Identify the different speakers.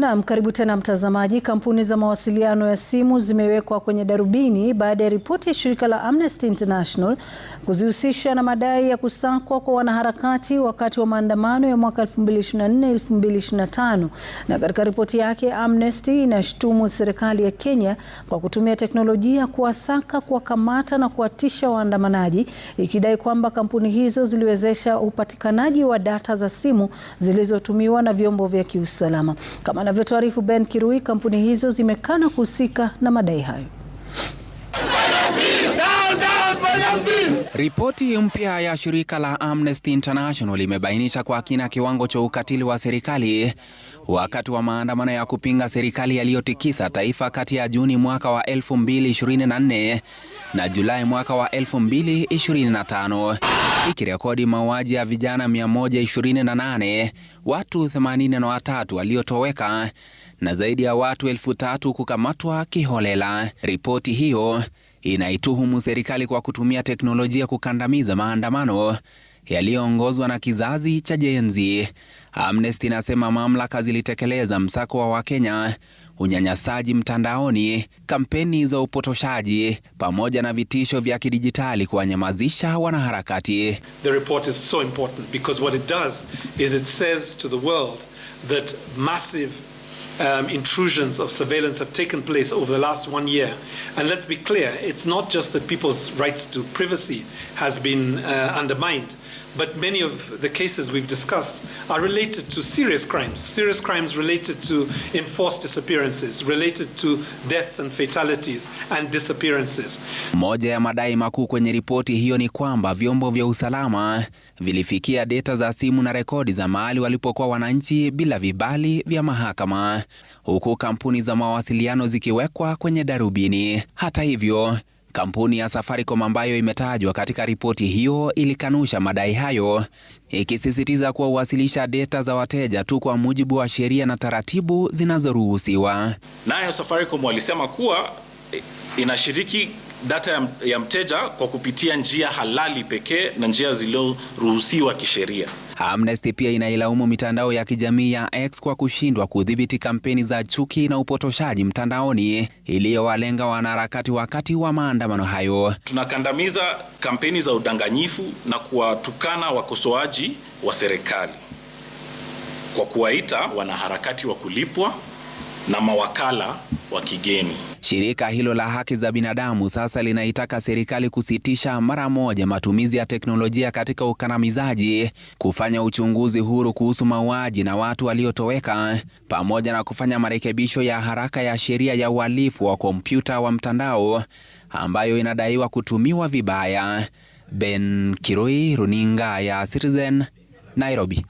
Speaker 1: Naam, karibu tena mtazamaji. Kampuni za mawasiliano ya simu zimewekwa kwenye darubini baada ya ripoti ya shirika la Amnesty International kuzihusisha na madai ya kusakwa kwa wanaharakati wakati wa maandamano ya mwaka 2024-2025. Na katika ripoti yake, Amnesty inashutumu serikali ya Kenya kwa kutumia teknolojia kuwasaka, kuwakamata na kuwatisha waandamanaji, ikidai kwamba kampuni hizo ziliwezesha upatikanaji wa data za simu zilizotumiwa na vyombo vya kiusalama. Kama Anavyotuarifu Ben Kirui, kampuni hizo zimekana kuhusika na madai hayo.
Speaker 2: Ripoti mpya ya shirika la Amnesty International imebainisha kwa kina kiwango cha ukatili wa serikali wakati wa maandamano ya kupinga serikali yaliyotikisa taifa kati ya Juni mwaka wa 2024 na Julai mwaka wa 2025 ikirekodi mauaji ya vijana 128, watu 83 waliotoweka na zaidi ya watu elfu tatu kukamatwa kiholela. Ripoti hiyo inaituhumu serikali kwa kutumia teknolojia kukandamiza maandamano yaliyoongozwa na kizazi cha Gen Z. Amnesty inasema mamlaka zilitekeleza msako wa Wakenya unyanyasaji mtandaoni, kampeni za upotoshaji pamoja na vitisho vya kidijitali kuwanyamazisha wanaharakati.
Speaker 3: The report is so important because what it does is it says to the world that massive um, intrusions of surveillance have taken place over the last one year. And let's be clear, it's not just that people's rights to privacy has been uh, undermined, but many of the cases we've discussed are related to serious crimes, serious crimes related to enforced disappearances, related to deaths and fatalities and disappearances.
Speaker 2: Moja ya madai makuu kwenye ripoti hiyo ni kwamba vyombo vya usalama vilifikia data za simu na rekodi za mahali walipokuwa wananchi bila vibali vya mahakama huku kampuni za mawasiliano zikiwekwa kwenye darubini. Hata hivyo, kampuni ya Safaricom ambayo imetajwa katika ripoti hiyo ilikanusha madai hayo, ikisisitiza kuwa huwasilisha data za wateja tu kwa mujibu wa sheria na taratibu zinazoruhusiwa.
Speaker 4: Nayo Safaricom walisema kuwa inashiriki data ya mteja kwa kupitia njia halali pekee na njia zilizoruhusiwa kisheria.
Speaker 2: Amnesty pia inailaumu mitandao ya kijamii ya X kwa kushindwa kudhibiti kampeni za chuki na upotoshaji mtandaoni iliyowalenga wanaharakati wakati wa maandamano hayo.
Speaker 4: Tunakandamiza kampeni za udanganyifu na kuwatukana wakosoaji wa serikali kwa kuwaita wanaharakati wa kulipwa na mawakala wa kigeni.
Speaker 2: Shirika hilo la haki za binadamu sasa linaitaka serikali kusitisha mara moja matumizi ya teknolojia katika ukandamizaji, kufanya uchunguzi huru kuhusu mauaji na watu waliotoweka, pamoja na kufanya marekebisho ya haraka ya sheria ya uhalifu wa kompyuta wa mtandao ambayo inadaiwa kutumiwa vibaya. Ben Kirui, Runinga ya Citizen, Nairobi.